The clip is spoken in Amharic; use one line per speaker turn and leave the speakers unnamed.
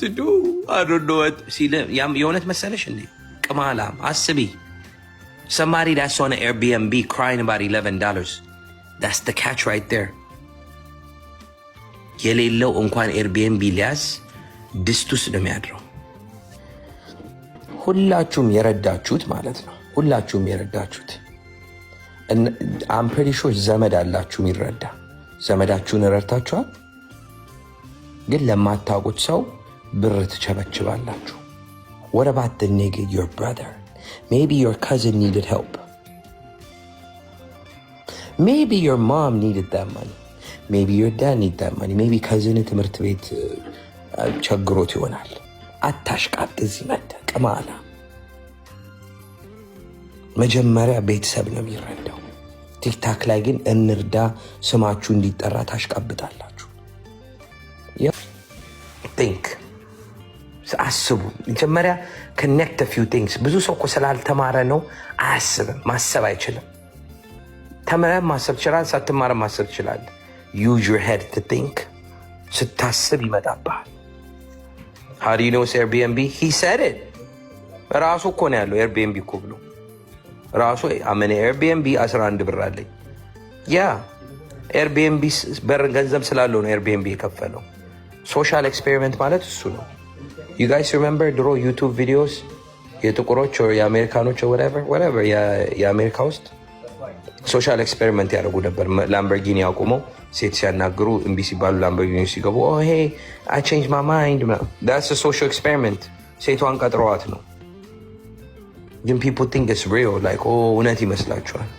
ትዱ አዶዶወጥ
ሲል የእውነት መሰለሽ እንዴ? ቅማላም አስቢ። ሰማሪ ዳስ ኦን ኤርቢኤንቢ ክራይን ባት ኢሌቨን ዶላርስ ዳስ ደ ካች ራይት ዴር። የሌለው እንኳን ኤርቢኤንቢ ሊያዝ ድስት ውስጥ ነው የሚያድረው።
ሁላችሁም የረዳችሁት ማለት ነው። ሁላችሁም የረዳችሁት አምፕሪሾች ዘመድ አላችሁ የሚረዳ ዘመዳችሁን ረድታችኋል። ግን ለማታውቁት ሰው ብር ትቸበችባላችሁ። What about the nigga, your brother? Maybe your cousin needed help. Maybe your mom needed that money. Maybe your dad needed that money. Maybe cousin ትምህርት ቤት ቸግሮት ይሆናል። አታሽቃቅዝ ይመድ ቅማላ መጀመሪያ ቤተሰብ ነው የሚረዳው። ቲክታክ ላይ ግን እንርዳ ስማችሁ እንዲጠራ ታሽቃብጣላችሁ። ቲንክ አስቡ። መጀመሪያ ከኔክት ፊው ቲንግስ። ብዙ ሰው እኮ ስላልተማረ ነው አያስብም፣ ማሰብ አይችልም። ተምረህ ማሰብ ችላል ሳትማረ ማሰብ ችላል ዩዝ ዩር ሄድ ቱ ቲንክ። ስታስብ ይመጣብሃል።
ሃው ዱ ዩ ኤርቢኤንቢ ሂ ሰድ ኢት ራሱ እኮ ነው ያለው ኤርቢኤንቢ እኮ ብሎ ራሱ አመነ ኤርቢኤንቢ 11 ብር አለኝ። ያ ኤርቢኤንቢ በር ገንዘብ ስላለው ነው ኤርቢኤንቢ የከፈለው። ሶሻል ኤክስፔሪመንት ማለት እሱ ነው። ዩ ጋይስ ሪመምበር ድሮ ዩቱብ ቪዲዮስ የጥቁሮች የአሜሪካኖች የአሜሪካ ውስጥ ሶሻል ኤክስፔሪመንት ያደርጉ ነበር። ላምበርጊኒ አቁመው ሴት ሲያናግሩ እምቢ ሲባሉ ላምበርጊኒ ሲገቡ ሄ አይ ቼንጅ ማይ ማይንድ ዳትስ ሶሻል ኤክስፔሪመንት ሴቷን ቀጥረዋት ነው። ግን ፒፕል ቲንክ ኢትስ ሪል ላይክ እውነት ይመስላችኋል።